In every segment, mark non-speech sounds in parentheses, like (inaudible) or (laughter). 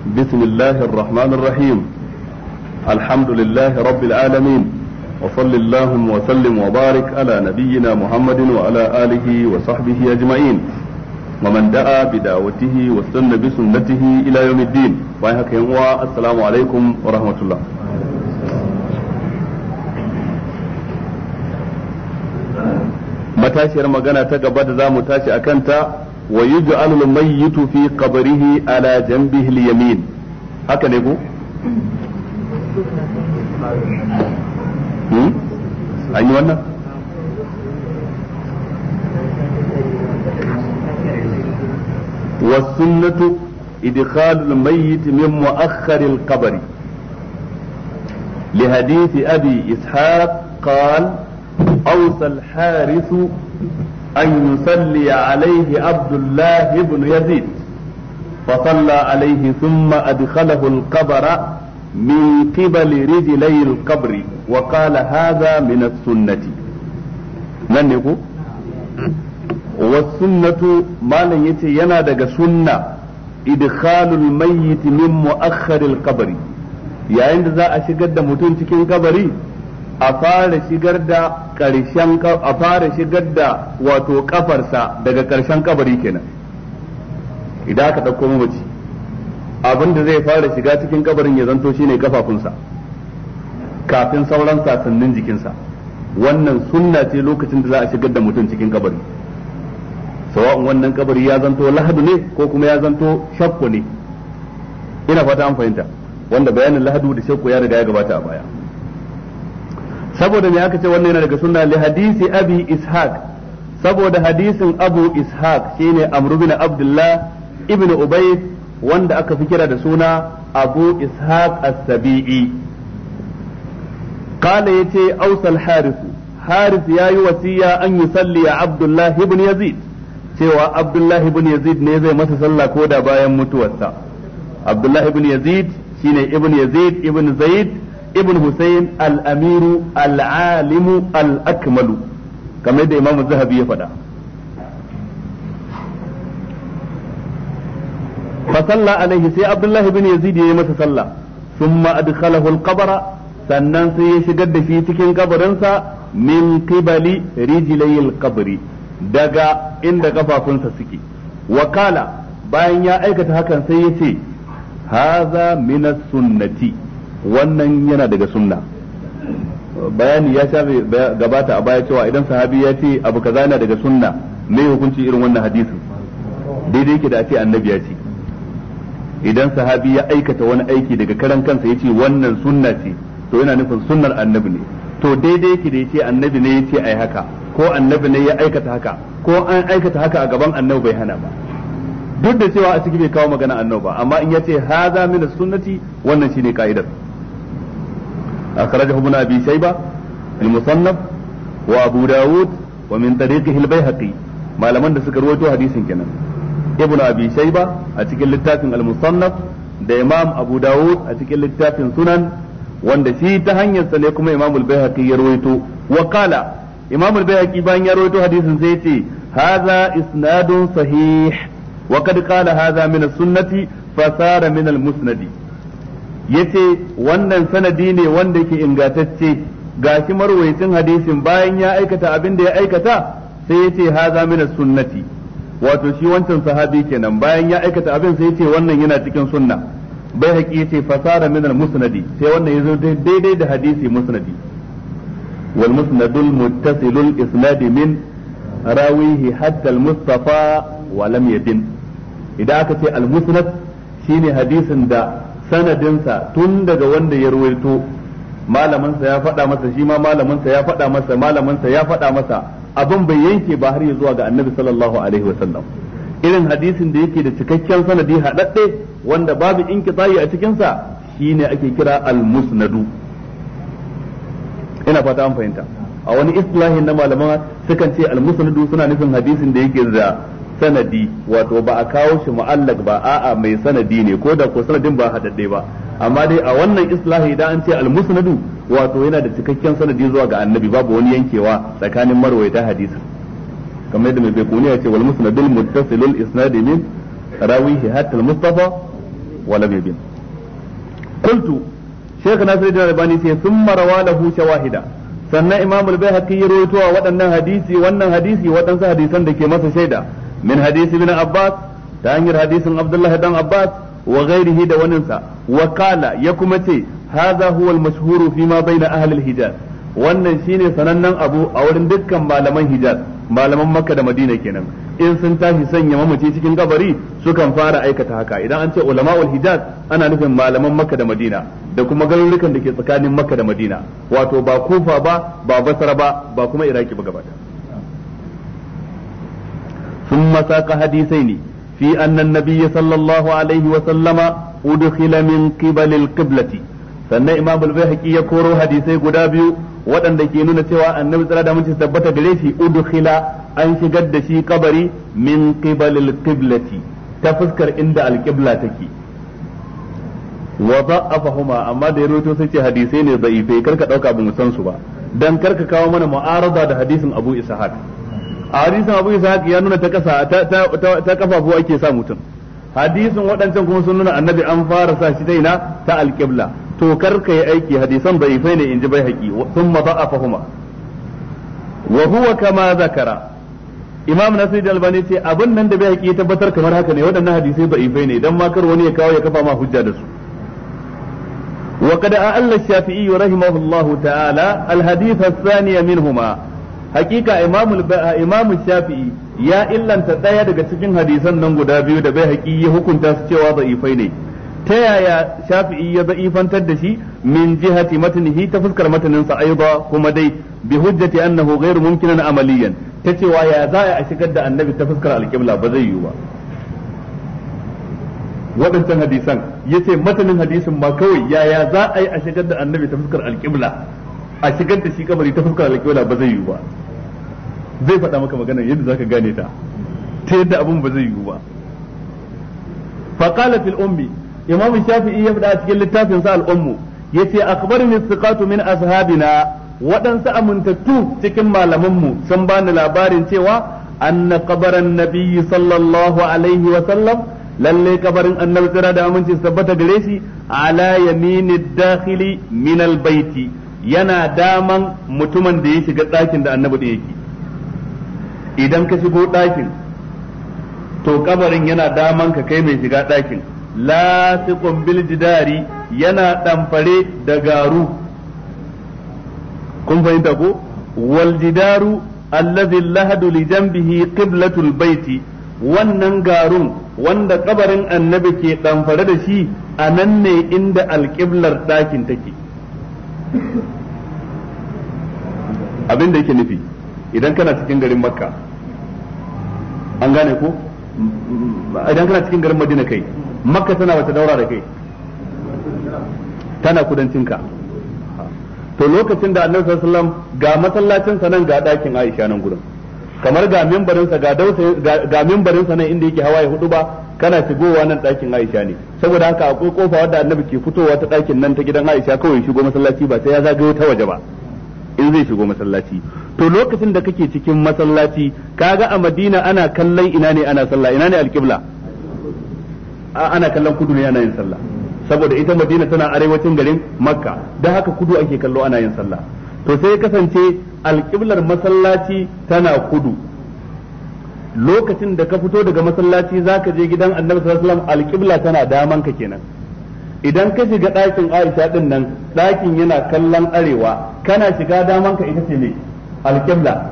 بسم الله الرحمن الرحيم الحمد لله رب العالمين وصل اللهم وسلم وبارك على نبينا محمد وعلى آله وصحبه أجمعين ومن دعا بدعوته واستنى بسنته إلى يوم الدين وإنك السلام عليكم ورحمة الله matashiyar magana ta gaba da za mu tashi a kanta ويجعل الميت في قبره على جنبه اليمين هكا يقول أي وانا والسنة إدخال الميت من مؤخر القبر لحديث أبي إسحاق قال أوصى الحارث أن يصلي عليه عبد الله بن يزيد فصلى عليه ثم أدخله القبر من قبل رجلي القبر وقال هذا من السنة من يقول والسنة ما لن يتي ينادق سنة إدخال الميت من مؤخر القبر yayin da za a shigar da mutum cikin kabari a fara shigar da ƙarshen a fara shigar da wato kafarsa daga ƙarshen kabari kenan idan aka ɗauko mamaci abin da zai fara shiga cikin kabarin ya zanto shine kafafunsa kafin sauran sassanin jikinsa wannan sunna ce lokacin da za a shigar da mutum cikin kabari sawa'un wannan kabari ya zanto lahadu ne ko kuma ya zanto shakku ne ina fata an fahimta wanda bayanin lahadu da shakku ya riga ya gabata a baya saboda me aka ce wannan yana daga sunna li hadisi abi ishaq saboda hadisin abu ishaq shine amru bin abdullah ibn ubay wanda aka fi kira da suna abu ishaq as-sabi'i ce yace ausal haris ya yayi wasiya an salli a abdullah ibn yazid cewa abdullah ibn yazid ne zai masa sallah ko da bayan mutuwarsa abdullah ibn yazid shine ibn yazid ibn zaid ibn Hussein al-Amiru al-Alimu al-Akmalu kamar da Imam Zahabi ya faɗa fa salla alaihi sai Abdullah ibn Yazid ya yi masa sallah thumma adkhalahu al-qabra sannan sai ya shigar da shi cikin kabarinsa min qibali rijlayil qabri daga inda kafafunsa suke wakala bayan ya aikata hakan sai ya ce haza minas sunnati wannan yana daga sunna bayani ya shafe gabata a baya cewa idan sahabi ya ce abu kaza yana daga sunna me hukunci irin wannan hadisin daidai yake da a ce annabi ya ce idan sahabi ya aikata wani aiki daga karan kansa ya ce wannan sunna ce to yana nufin sunnar annabi ne to daidai yake da ya ce annabi ne ya ce ai haka ko annabi ne ya aikata haka ko an aikata haka a gaban annabi bai hana ba duk da cewa a ciki bai kawo magana annabi ba amma in ya ce haza min sunnati wannan shine ka'idar أخرجه ابن أبي شيبة المصنف وأبو داود ومن طريقه البيهقي ما لم أن سكروته حديث كنا ابن أبي شيبة أتكل للتاتم المصنف da imam abu dawud a cikin littafin sunan wanda shi ta hanyarsa ne kuma imam al-bayhaqi ya rawaito wa qala imam al-bayhaqi bayan ya rawaito hadisin sai yace hadha isnadun sahih wa qad qala hadha min as-sunnati fa sara min al-musnadi yace wannan sanadi ne wanda yake ingantacce gashi marwayacin hadisin bayan ya aikata abin da ya aikata sai yace haza min sunnati wato shi wancan sahabi kenan bayan ya aikata abin sai yace wannan yana cikin sunna bai haƙi yace fasara min musnadi sai wannan yazo daidai da hadisi musnadi wal musnadul muttasilul isnadi min rawihi hatta al mustafa wa lam yadin idan aka ce al musnad shine hadisin da sanadinsa tun daga wanda ya ruwaito malaminsa ya faɗa masa shi ma malaminsa ya faɗa masa malaminsa ya faɗa masa abin bai yanke ba har ya zuwa ga annabi sallallahu alaihi wasallam irin hadisin da yake da cikakken sanadi haɗaɗɗe wanda babu inkitayi a cikinsa shine ake kira al-musnadu ina fata an fahimta a wani islahin na malaman sukan ce al-musnadu suna nufin hadisin da yake da sanadi wato ba a kawo shi mu'allaq ba a'a mai sanadi ne ko da ko sanadin ba hadadde ba amma dai a wannan islahi idan an ce al-musnadu wato yana da cikakken sanadi zuwa ga annabi babu wani yankewa tsakanin marwayata hadisi kamar yadda mai bekuni ya ce wal musnadul muttasilul isnadi min rawihi hatta al-mustafa wa lam yabin qultu shaykh nasiruddin albani ce thumma rawalahu shawahida sannan imam al bayhaqi ya rawaito waɗannan hadisi wannan hadisi waɗansu hadisan da ke masa shaida min hadisi na abbas ta hanyar hadisin abdullahi dan abbas wa da waninsa wa kala ya kuma ce hadha huwa al ma bai ahli al-hijaz wannan shine sanannen abu a wurin dukkan malaman hijaz malaman makka da madina kenan in sun tashi sanya mamaci cikin kabari sukan fara aikata haka idan an ce ulama'ul hijaz ana nufin malaman makka da madina da kuma garurukan da ke tsakanin makka da madina wato ba kufa ba ba basra ba ba kuma iraki ba gaba ثم ساق حديثين في أن النبي صلى الله عليه وسلم أدخل من قبل القبلة sannan imam al ya koro hadisai guda biyu waɗanda ke nuna cewa annabi tsara da mace tabbata gare shi udkhila an shigar da shi kabari min qibalil qiblati ta fuskar inda al-qibla take wa amma da ya rawaito sai ce hadisai ne da'ife karka ɗauka ba mu san su ba dan karka kawo mana mu'arada da hadisin Abu Ishaq a hadisin abu ishaq ya nuna ta kasa ta kafafu ake sa mutum hadisin waɗancan kuma sun nuna annabi an fara sa shi ta ina ta alƙibla to kar ka yi aiki hadisan da'ifai ne in ji bai haƙi sun ma a fahuma wa huwa kama zakara imam nasir albani ce abin nan da bai haƙi tabbatar kamar haka ne waɗannan hadisai da'ifai ne idan ma kar wani ya kawo ya kafa ma hujja da su وقد أعل الشافعي رحمه Ta'ala تعالى الحديث الثاني منهما hakika imamu imamu shafi'i ya illanta daya daga cikin hadisan nan guda biyu da bai haƙi ya hukunta su cewa da'ifai ne ta yaya shafi'i ya za'ifantar da shi min jihati matnihi ta fuskar matanin sa aiba kuma dai bi hujjati annahu ghairu mumkinan amaliyan ta cewa ya za a shigar da annabi ta fuskar alqibla ba zai yiwu ba waɗancan hadisan yace matanin hadisin ba kawai yaya za a yi a shigar da annabi ta fuskar alqibla a shigar da shi kamari ta fuskar alƙibla ba zai yiwu ba zai faɗa maka magana yadda zaka gane ta ta yadda abun ba zai yiwu ba faqala fil ummi imam shafi'i ya faɗa a cikin littafin sa al'ummu, ya ce yace min thiqatu min ashabina waɗansu amintattu cikin malamanmu sun bani labarin cewa anna qabaran nabiyyi sallallahu alaihi wa sallam lalle kabarin annabi tsira da aminci tabbata gare shi ala yamini dakhili min baiti. yana daman mutumin da ya shiga ɗakin da annabi da yake idan ka shigo ɗakin to kabarin yana daman ka kai mai shiga ɗakin lasiqun bil jidari yana ɗamfare da garu kun fahimta ko wal jidaru allazi lahadu li janbihi qiblatul baiti wannan garun wanda kabarin annabi ke ɗamfare da shi a nan ne inda alƙiblar ɗakin take abin da yake nufi idan kana cikin garin makka an gane ko idan kana cikin garin madina kai makka tana wata daura da kai tana kudancinka to lokacin da annabi sallallahu alaihi wasallam ga masallacin sa nan ga dakin Aisha nan gurin kamar ga mimbarin sa ga dausa ga mimbarin sa nan inda yake hawaye hudu ba kana shigowa nan ɗakin Aisha ne saboda haka akwai kofa wadda annabi ke fitowa ta ɗakin nan ta gidan Aisha kawai shigo masallaci ba sai ya zagayo ta waje ba in zai shigo masallaci to lokacin da kake cikin masallaci kaga a Madina ana kallon ina ne ana sallah ina ne alƙibla ana kallon kudu ne ana yin sallah saboda ita Madina tana arewacin garin Makka dan haka kudu ake kallo ana yin sallah to sai kasance alƙiblar masallaci tana kudu lokacin da ka fito daga masallaci zaka je gidan annabi sallallahu alaihi wasallam alqibla tana daman ka kenan idan ka shiga ɗakin Aisha din nan ɗakin yana kallon arewa kana shiga daman ka ita ce ne alqibla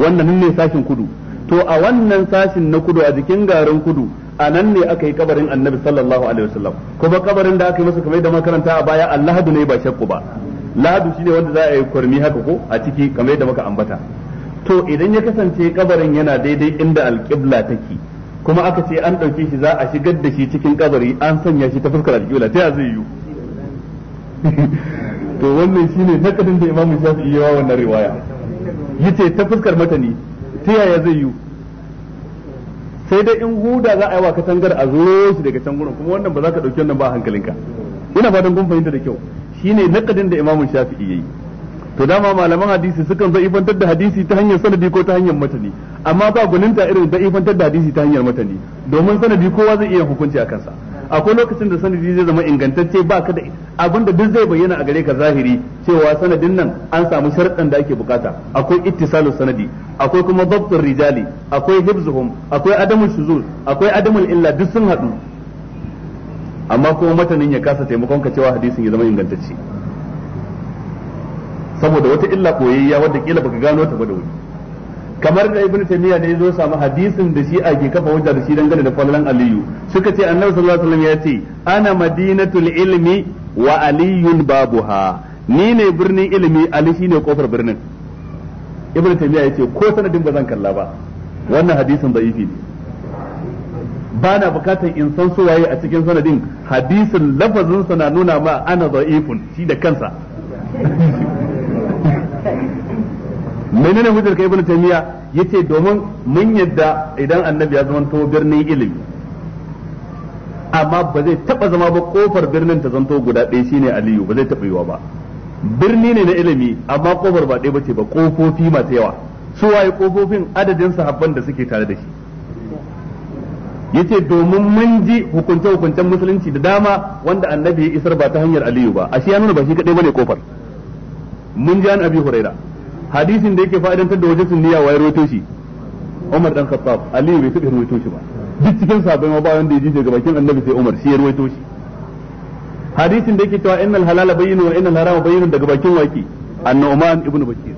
wannan ne sashin kudu to a wannan sashin na kudu a jikin garin kudu a nan ne aka yi kabarin annabi sallallahu alaihi wasallam kuma kabarin da aka yi masa kamar da makaranta a baya Allahu ne ba shakku ba lahadu shine wanda za a yi kurmi haka ko a ciki kamar da muka ambata to idan ya kasance kabarin yana daidai inda alƙibla take kuma aka ce an ɗauke shi za a shigar da shi cikin kabari an sanya shi ta fuskar alƙibla ta zai yiwu (laughs) to wannan shi ne nakadin da imamu iya yawa wannan riwaya ce ta fuskar mata ne ta yaya zai yiwu sai dai in huda za a yi wa katangar a zo shi daga can gurin kuma wannan ba za ka ɗauki wannan ba hankalinka ina fatan kun fahimta da kyau shine nakadin da imamu shafi'i yayi to dama malaman hadisi sukan za'ifantar da hadisi ta hanyar sanadi ko ta hanyar matani amma ba guninta irin ifantar da hadisi ta hanyar matani domin sanadi kowa zai iya hukunci a kansa akwai lokacin da sanadi zai zama ingantacce ba ka da abinda duk zai bayyana a gare ka zahiri cewa sanadin nan an samu sharɗan da ake bukata akwai ittisalu sanadi akwai kuma dabtur rijali akwai hibzuhum akwai Adamu shuzul akwai adamul illa duk sun haɗu amma kuma matanin ya kasa taimakon ka cewa hadisin ya zama ingantacce saboda wata illa koyayya wadda kila baka gano ta ba da wuri kamar da ibnu taymiya ne zo samu hadisin da shi ake kafa hujja da shi dangane da fallan aliyu suka ce annabi sallallahu alaihi wasallam ya ce ana madinatul ilmi wa aliyun babuha ni ne birnin ilimi ali shine kofar birnin ibnu taymiya ya ce ko sanadin ba zan kalla ba wannan hadisin da'ifi ne ba na bukatar in san su waye a cikin sanadin hadisin lafazin sa na nuna ma ana da'ifun shi da kansa menene hujjar kai ibnu miya yace domin mun yadda idan annabi ya zama to birnin ilimi amma ba zai taba zama ba kofar birnin ta zanto guda ɗaya shine aliyu ba zai taba yiwa ba birni ne na ilimi amma kofar ba ɗaya bace ba kofofi masu yawa su waye kofofin adadin sahabban da suke tare da shi yace domin mun ji hukunce hukuncen musulunci da dama wanda annabi ya isar ba ta hanyar aliyu ba ashe ya nuna ba shi kadai bane kofar mun ji an abi huraira hadisin da yake fa'idantar da wajen sunniya wa ya rawaito shi Umar dan Khattab Ali bai taɓa rawaito shi ba duk cikin sabai ma ba wanda ya ji daga bakin Annabi sai Umar shi ya rawaito shi hadisin da yake cewa innal halala bayyinu wa innal harama bayyinu daga bakin waki annu'man ibn bakir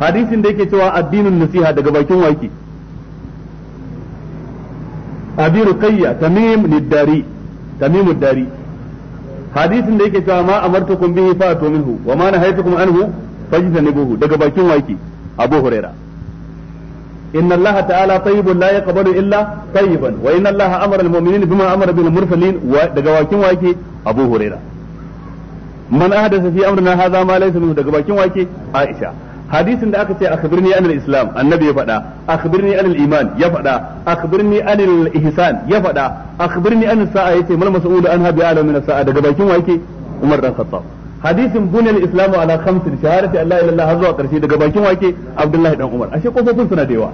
hadisin da yake cewa addinin nasiha daga bakin waki abi ruqayya tamim niddari tamim dari hadisin da yake cewa ma amartukum bihi fa'tu minhu wa ma nahaytukum anhu fajita ne buhu daga bakin waki abu huraira inna allaha ta'ala tayyibun la yaqbalu illa tayyiban wa inna allaha amara almu'minina bima amara bil mursalin daga bakin waki abu huraira man ahdasa fi amrina hadha ma laysa minhu daga bakin waki aisha hadisin da aka ce akhbirni anil islam annabi ya faɗa akhbirni anil iman ya faɗa akhbirni anil ihsan ya faɗa akhbirni anil sa'a yace mal mas'ul an habi alamin sa'a daga bakin wake umar dan khattab hadisin bunyan islamu ala khamsin shahadati allah ilaha har zuwa karshe daga bakin wake abdullahi dan umar ashe kofofin suna da yawa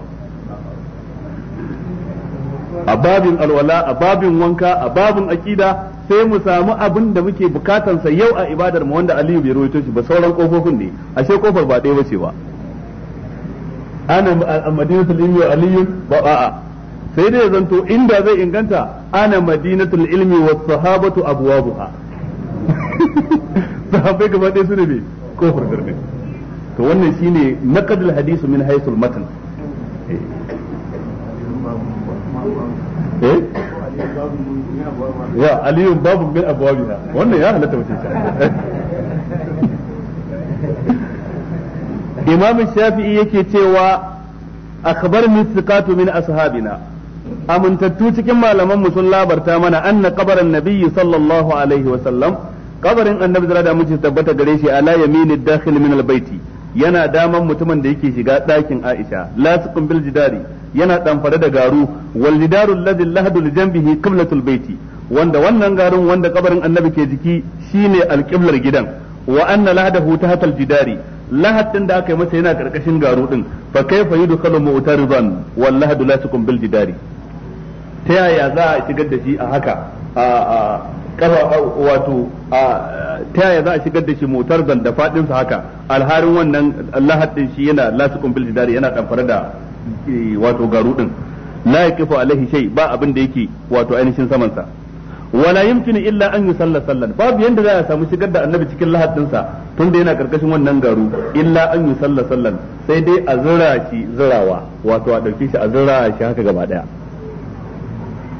a babin alwala a babin wanka a babin akida sai mu samu abin da muke bukatan sa yau a ibadar mu wanda aliyu bai rawaito shi ba sauran kofofin ne ashe kofar ba ɗaya bace ba ana madinatul ilmi wa aliyu ba sai dai zanto inda zai inganta ana madinatul ilmi wa sahabatu abwabuha (laughs) sahabbai gaba ɗaya su ne kofar birnin to wannan hadisu min matan eh? ya aliyun babu min wannan ya halatta mutum imam shafi'i yake cewa akbar thiqatu min ashabina amintattu cikin malaman mu sun labarta mana anna qabran nabiyyi sallallahu alaihi wa sallam kabarin annabi zira da mace tabbata gare shi ala yaminid dakhil min albayti yana daman mutumin da yake shiga ɗakin Aisha lasiqun bil jidari yana damfare da garu wal jidaru alladhi lahadu li janbihi qiblatul bayti wanda wannan garin wanda kabarin annabi ke jiki shine alqiblar gidan wa anna lahadahu tahta al jidari lahad da aka yi masa yana karkashin garu din fa kayfa yudkhalu mu'taridan wal lahadu lasiqun bil jidari ta yaya za a shigar da shi a haka a kafa wato ta yaya za a shigar da shi motar da fadin sa haka alharin wannan lahad din shi yana lasikun bil jidari yana damfare da e, wato garu din la yakifu alaihi shay ba abin da yake wato ainihin saman sa wala yumkinu illa an yusalla sallan babu yanda za a samu shigar da annabi cikin lahad din sa tunda yana karkashin wannan garu illa an yusalla sallan sai dai a zura shi zurawa wato a dauke shi a zura shi haka gaba daya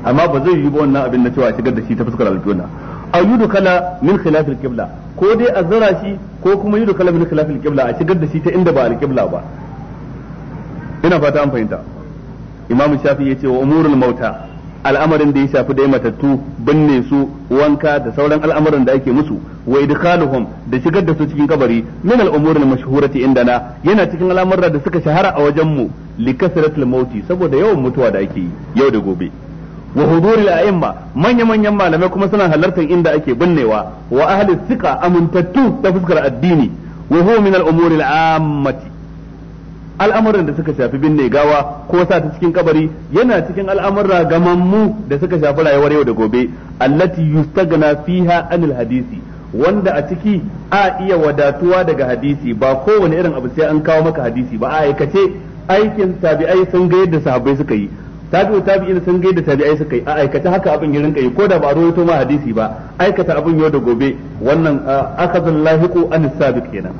amma ba zai yi ba wannan abin na cewa shigar da shi ta fuskar alƙibla ayyudu kala min khilafil qibla ko dai a zara shi ko kuma kala min khilafil qibla a shigar da shi ta inda ba alqibla ba ina fata an fahimta imam shafi yace wa umurul mauta al'amarin da ya shafi ya matattu binne su wanka da sauran al'amuran da ake musu wa idkhaluhum da shigar da su cikin kabari min al'umurul mashhurati indana yana cikin al'amuran da suka shahara a wajen mu likasratul mauti saboda yawan mutuwa da ake yi yau da gobe wa huduril a'imma manya manyan malamai kuma suna halartar inda ake binnewa wa ahli thiqa amintattu ta fuskar addini wa huwa min al umur al-ammati al'amuran da suka shafi binne gawa ko sa ta cikin kabari yana cikin al'amura gamammu da suka shafi rayuwar yau da gobe allati yustagna fiha anil hadisi wanda a ciki a iya wadatuwa daga hadisi ba kowane irin abu sai an kawo maka hadisi ba a aikace aikin tabi'ai sun ga yadda sahabbai suka yi tabi'u tabi'in sun gaida tabi'ai suka yi a aikata haka abin ya rinka yi ko da ba a rawaito ma hadisi ba aikata abin yau da gobe wannan aka akhadhul lahiqu an sabiq kenan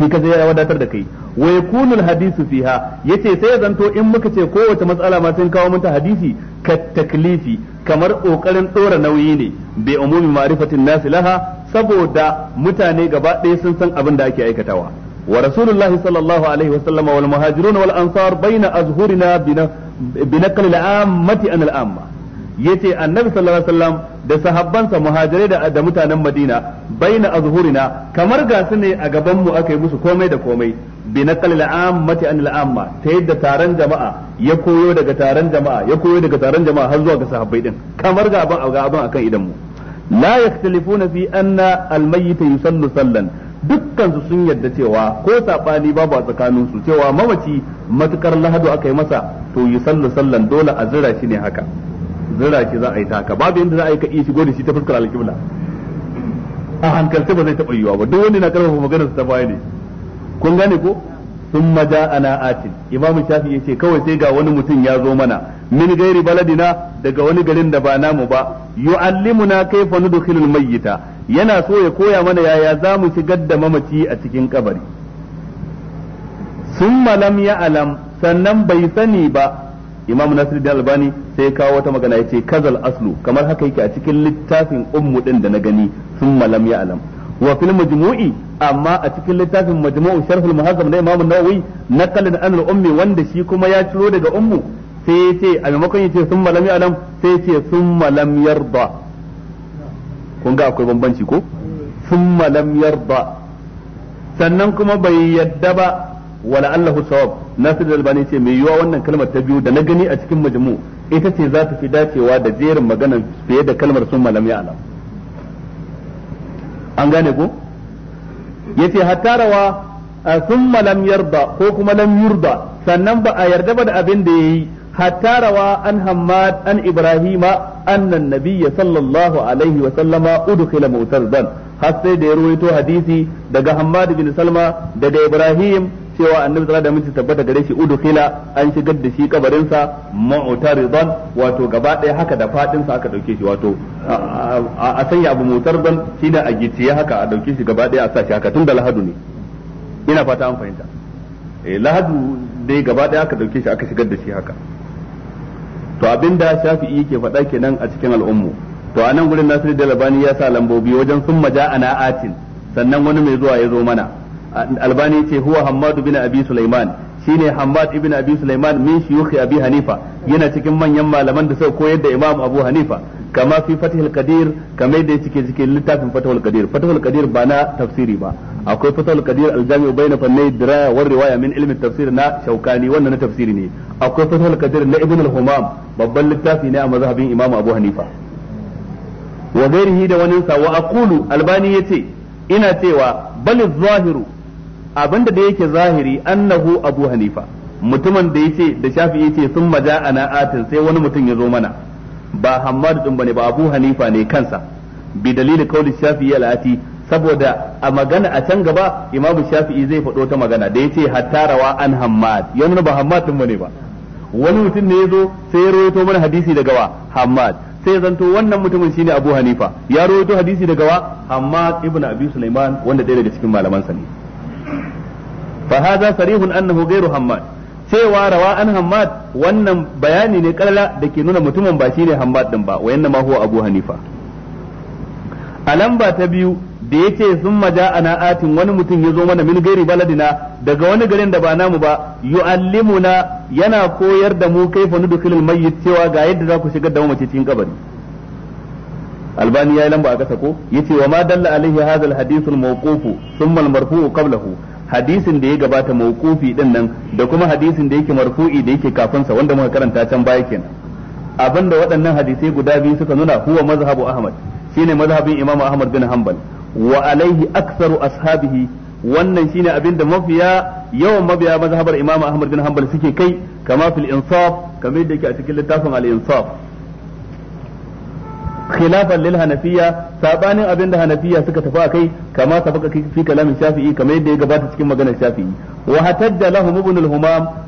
shi ka ya wadatar da kai wa yakunu hadisu fiha ce sai ya zanto in muka ce kowace matsala ma sun kawo mata hadisi ka taklifi kamar kokarin dora nauyi ne bi umumi ma'rifatin na laha saboda mutane gaba ɗaya sun san abin da ake aikatawa wa rasulullahi sallallahu alaihi wa sallama wal muhajirun wal ansar baina azhurina binaqli al-ammati an al yace annabi sallallahu alaihi wasallam da sahabbansa muhajirai da da mutanen Madina baina azhurina kamar ga su ne a gaban mu aka yi musu komai da komai bi naqal al-ammati an al ta yadda taron jama'a ya koyo daga taron jama'a ya koyo daga taron jama'a har zuwa ga sahabbai din kamar ga abin ga abin akan idan mu la yaktalifuna fi anna al-mayyit yusallu sallan dukkan su sun yarda cewa ko sabani babu a tsakanin su cewa mamaci matukar lahadu aka yi masa to yi sallu sallan dole a zira shi ne haka zira shi za a yi ta haka babu yadda za a yi ka shi gode shi ta fuskar alƙibla a hankalta ba zai taɓa yiwa ba duk wani na karfafa maganar ta baya ne kun gane ko Sun a ja'ana atin imamu shafi ce kawai sai ga wani mutum ya zo mana min gairi baladina daga wani garin da ba namu ba yu'allimuna kayfa mai yita. yana so ya koya mana yaya za mu shigar da mamaci a cikin kabari thumma lam ya'lam sannan bai sani ba imamu nasir da albani sai kawo wata magana ce kazal aslu kamar haka yake a cikin littafin ummu da na gani thumma lam ya'lam wa fil majmu'i amma a cikin littafin majmu'u sharhul muhazzam na imam nawawi naqalan an al-ummi wanda shi kuma ya ciro daga ummu sai ya ce a maimakon ya ce summa lam ya'lam sai ya ce summa lam yarda kun ga akwai bambanci ko summa lam yarda sannan kuma bai yadda ba wala allahu sawab nasir albani ce mai yiwa wannan kalmar ta biyu da na gani a cikin majmu'u ita ce za ta fi dacewa da jerin maganar fiye da kalmar sun malam an gane ko yace hatta rawa thumma lam yarda ko kuma lam yurda sannan ba a yarda ba da abin da yayi hatta rawa an hammad an ibrahima annan nabiyya sallallahu alaihi wa sallama udkhila mutardan har sai da ya ruwaito hadisi daga hammad bin salma daga ibrahim cewa annabi sallallahu alaihi wasallam tabbata gare shi udkhila an shigar da shi kabarin sa mu'taridan wato gaba ɗaya haka da fadin sa aka dauke shi wato a sanya abu mu'taridan shi da a gicciye haka a dauke shi gaba ɗaya a sa shi haka tun da lahadu ne ina fata an fahimta eh lahadu dai gaba ɗaya aka dauke shi aka shigar da shi haka to abinda shafi'i yake faɗa kenan a cikin al'ummu to a nan gurin nasiru da labani ya sa lambobi wajen sun maja atin sannan wani mai zuwa ya zo mana albani ce huwa hammadu bin abi sulaiman shine hammad ibn abi sulaiman min shuyukh abi hanifa yana cikin manyan malaman da suka koyar da imam abu hanifa kama fi fathul qadir kamar da yake cikin littafin fathul qadir fathul qadir ba na tafsiri ba akwai fathul qadir aljami'u bayna fannay diraya war riwaya min ilmi tafsir na shaukani wannan na tafsiri ne akwai fathul qadir na ibn al-humam babban littafi ne a mazhabin imam abu hanifa wa gairihi da wani sa wa aqulu albani yace ina cewa bal zahiru Abin da yake zahiri annahu abu hanifa mutumin da yace da shafi yace sun maja ana atin sai wani mutum ya zo mana ba hammadu din bane ba abu hanifa ne kansa bi dalili kauli shafi ya lati saboda a magana a can gaba imamu shafi'i zai faɗo ta magana da yace hatta rawa an hammad ya nuna ba hammad din bane ba wani mutum ne ya zo sai ya rawaito mana hadisi daga wa hammad sai zanto wannan mutumin shine abu hanifa ya rawaito hadisi daga wa hammad ibn abi sulaiman wanda ɗaya daga cikin malaman sa ne fa hadha sarihun annahu ghairu hammad cewa rawa an hammad wannan bayani ne karla da ke nuna mutumin ba ne hammad din ba wa yanna ma huwa abu hanifa a lamba ta biyu da ya ce sun maja ana atin wani mutum ya zo mana min gairi baladina daga wani garin da ba namu ba yu'allimuna yana koyar da mu kaifa nudkhilul mayyit cewa ga yadda za ku shiga da mamaci cikin kabari albani ya lamba a kasa ko yace wa ma dalla alaihi hadha sun almawquf thumma almarfu' qablahu hadisin da ya gabata mawqufi din nan da kuma hadisin da yake marfu'i da yake kafin sa wanda muka karanta can baya kenan abinda waɗannan hadisai guda biyu suka nuna huwa mazhabu ahmad shine mazhabin imamu ahmad bin hanbal wa alaihi aktsaru ashabihi wannan shine abinda mafiya yawan mabiya mazhabar imamu ahmad bin hanbal suke kai kama fil insaf kamar yadda yake a cikin littafin al insaf khilafan lil hanafiya sabanin abin da hanafiya suka tafi akai kama sabaka fi kalamin shafi'i kamar yadda ya gabata cikin maganar shafi'i wa hatadda lahum ibn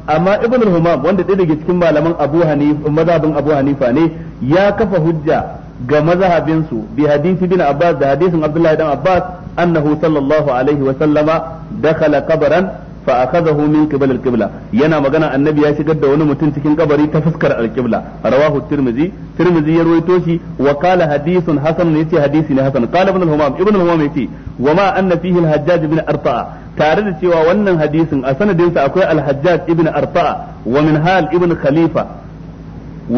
amma ibn al wanda ɗaya cikin malaman abu hanifa mazhabin abu hanifa ne ya kafa hujja ga maza abinsu bi hadisi bin abbas da hadisin abdullahi dan abbas annahu sallallahu alaihi wa sallama dakhala qabran fa akhadahu min qibal al-qibla yana magana annabi ya shigar da wani mutum cikin kabari ta fuskar al-qibla rawahu tirmizi tirmizi ya ruwaito shi wa qala hadithun hasan yace hadisi ne hasan qala ibn al-humam ibn al-humam yace wa ma anna fihi al-hajjaj ibn arfa'a tare da cewa wannan hadisin a sanadin sa akwai al-hajjaj ibn arfa'a wa min hal ibn khalifa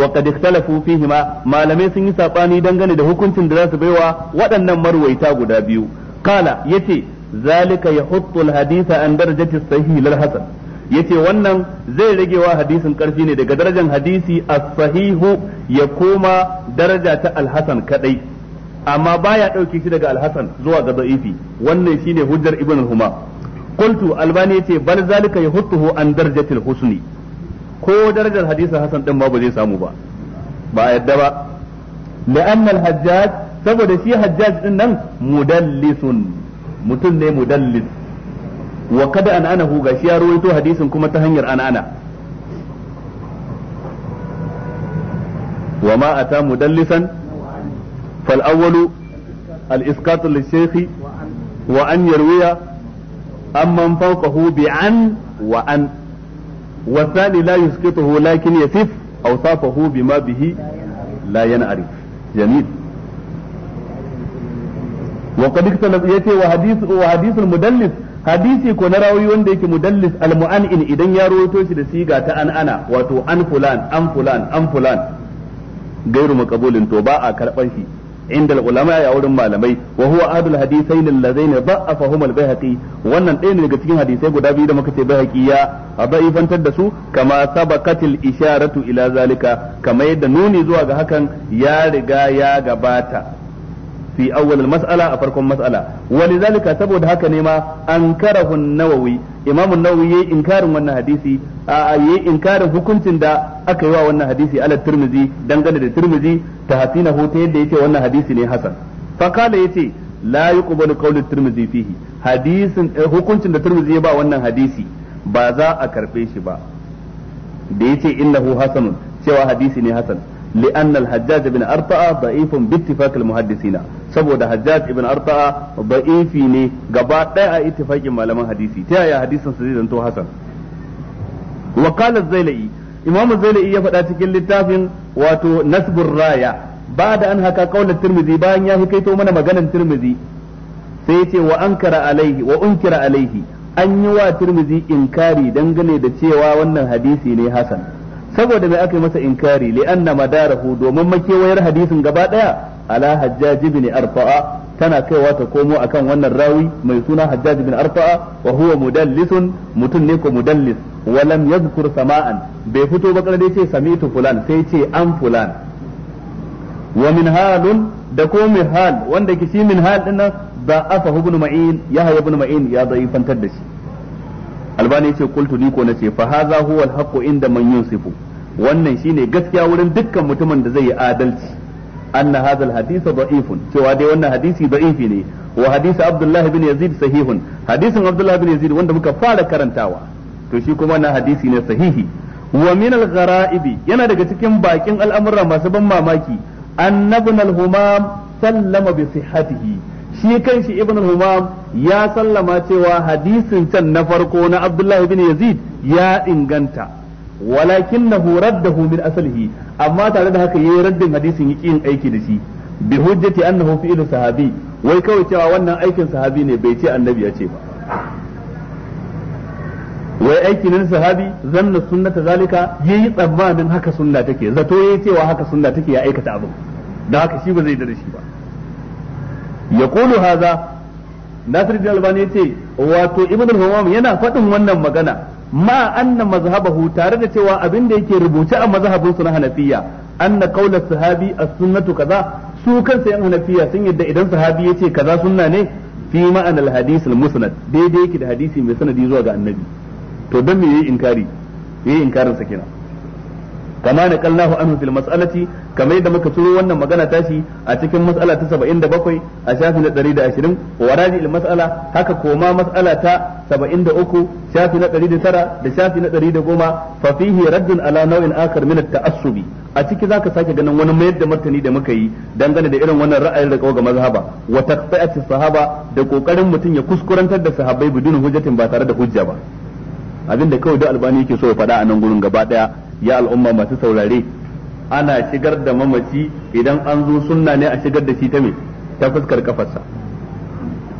wa qad ikhtalafu fihi ma malamai sun yi sabani dangane da hukuncin da za su baiwa waɗannan marwaita guda biyu qala yace zalika ya hutu hadisa an darajati sahih lil hasan yace wannan zai ragewa hadisin karfi ne daga darajar hadisi as-sahihu ya koma daraja ta al-hasan kadai amma baya dauke shi daga al-hasan zuwa ga da'ifi wannan shine hujjar ibn al-huma qultu albani yace bal zalika yahuttuhu an al husni ko darajar hadisin hasan din ma ba zai samu ba ba a yadda ba la'anna al-hajjaj saboda shi hajjaj din nan mudallisun mutum ne mudallis wa kada an ana anahu shi ya ruwaito hadisin kuma ta hanyar an ana wa ma ata mudallisan fal awwalu al isqat lil wa an yarwiya amman fawqahu bi an wa an wa thani la yusqituhu lakin yasif awsafahu bima bihi la yan'arif jamil wa qad ya yace wa hadith wa hadithul mudallis hadisi ko na rawi wanda yake mudallis al mu'annin idan ya rawaito shi da siga ta an ana wato an fulan an fulan an fulan gairu makabulin to ba a karban shi inda ulama ya wurin malamai wa huwa adul hadisain allazain dha'afahum al-baihaqi wannan ɗaya ne daga cikin hadisai guda biyu da muka ce baihaqi ya abaifantar da su kama sabaqatil isharatu ila zalika kama yadda nuni zuwa ga hakan ya riga ya gabata fi awwal mas'ala a farkon mas'ala walizalika saboda haka ne ma ankarahu an-nawawi imamu an-nawawi yayi inkarin wannan hadisi a yayi inkarin hukuncin da aka yi wa wannan hadisi ala tirmizi dangane da tirmizi ta hasina ta yadda yace wannan hadisi ne hasan fa kala yace la yuqbalu qawlu tirmizi fihi hadisin hukuncin da tirmizi ya ba wannan hadisi ba za a karbe shi ba da yace innahu hasan cewa hadisi ne hasan لأن الحجاج بن أرطاء ضعيف Muhaddisi na saboda Hajjaj ibn Arta'a da'ifi ne gaba ɗaya a ittifakin malaman hadisi ta yaya hadisin sa zai zanto hasan Wakalar qala zailai imamu ya faɗa cikin littafin wato nasbur raya ba'da an haka qaulul tirmidhi bayan ya hikaito mana maganan tirmidhi sai yace wa ankara alaihi unkira alaihi an yi wa tirmidhi inkari dangane da cewa wannan hadisi ne Hassan. saboda mai aka yi masa inkari li anna madarahu domin makewayar hadisin gaba daya ala hajjaj ibn arfa'a tana kaiwa ta komo akan wannan rawi mai suna hajjaj ibn arfa'a wa huwa mudallisun mutun ne ko mudallis wa lam yadhkur sama'an bai fito ba kada ce sami'tu fulan sai ce an fulan wa min halun da ko min hal wanda ke shi min hal dinnan da afa ibn ma'in yahya ibn ma'in ya daifantar da shi albani yace qultu ni ko nace fa haza huwa al inda man yunsifu wannan shine gaskiya wurin dukkan mutumin da zai yi adalci anna hadha al da'ifun cewa dai wannan hadisi da'ifi ne wa hadisi abdullah ibn yazid sahihun hadisin abdullah ibn yazid wanda muka fara karantawa to shi kuma na hadisi ne sahihi wa min al yana daga cikin bakin al'amuran masu ban mamaki annabun al sallama bi sihhatihi shi kanshi ibn humam ya sallama cewa hadisin can na farko na abdullahi bin yazid ya inganta walakin horar da min asalihi amma tare da haka yi raddin hadisin yake yin aiki da shi bi hujjati annahu fi'lu sahabi wai kawai cewa wannan aikin sahabi ne bai ce annabi ya ce ba wai aiki ne sahabi zanna sunnata zalika yayi tsammanin haka sunna take zato yayi cewa haka sunna take ya aikata abin da haka shi ba zai da shi ba yaqulu hadha Nasiruddin Albani yace wato Ibn Humam yana faɗin wannan magana ma anna mazhabahu tare da cewa abin da yake rubuce a mazhabin na Hanafiya anna qaula sahabi a sunnatu kaza su kansa yan Hanafiya sun yarda idan sahabi ya ce kaza suna ne fi ma'anar hadith al-musnad daidai yake da hadisi mai sanadi zuwa ga annabi to dan me yayi inkari yayi inkarin sa kenan kama na kallahu anhu fil mas'alati kamar yadda muka turo wannan magana tashi a cikin mas'ala ta 77 a shafi na 120 wa raji'il mas'ala haka koma mas'ala ta 73 shafi na 109 da shafi na 110 fa fihi raddun ala taassubi a ciki zaka sake ganin wani mayar da martani da muka yi dangane da irin wannan ra'ayin da kawo ga mazhaba wa taqfi'ati sahaba da kokarin mutum ya kuskurantar da sahabai bidun hujjatin ba tare da hujja ba abinda kawai da albani yake so ya faɗa a nan gurin gaba ɗaya ya al'umma masu saurare ana shigar da mamaci idan an zo sunna ne a shigar da shi ta me ta fuskar kafarsa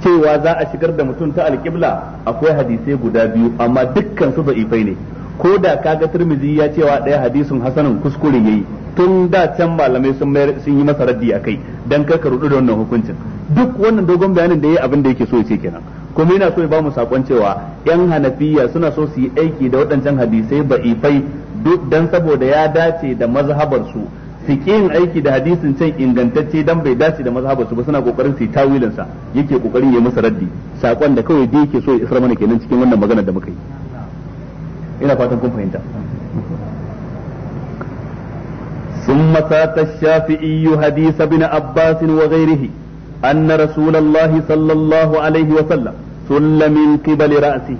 cewa za a shigar da mutum ta alƙibla akwai hadisai guda biyu amma dukkan su ifai ne ko da kaga turmizi ya cewa ɗaya hadisin hasanin kuskure yayi tun da can malamai sun sun yi masa raddi a kai dan kar ka rudu da wannan hukuncin duk wannan dogon bayanin da yayi abin da yake so ya ce kenan kuma yana so ya bamu mu sakon cewa yan hanafiya suna so su yi aiki da waɗancan hadisai ba'ifai duk dan saboda ya dace da mazhabar su yin aiki da hadisin can ingantacce dan bai dace da mazhabar su ba suna kokarin su tawilin sa yake kokarin ya masa raddi sakon da kawai da yake so ya isar mana kenan cikin wannan magana da muka yi ina fatan kun fahimta ثم سات الشافعي حديث ابن عباس وغيره أن رسول الله صلى الله عليه وسلم سل من قبل رأسه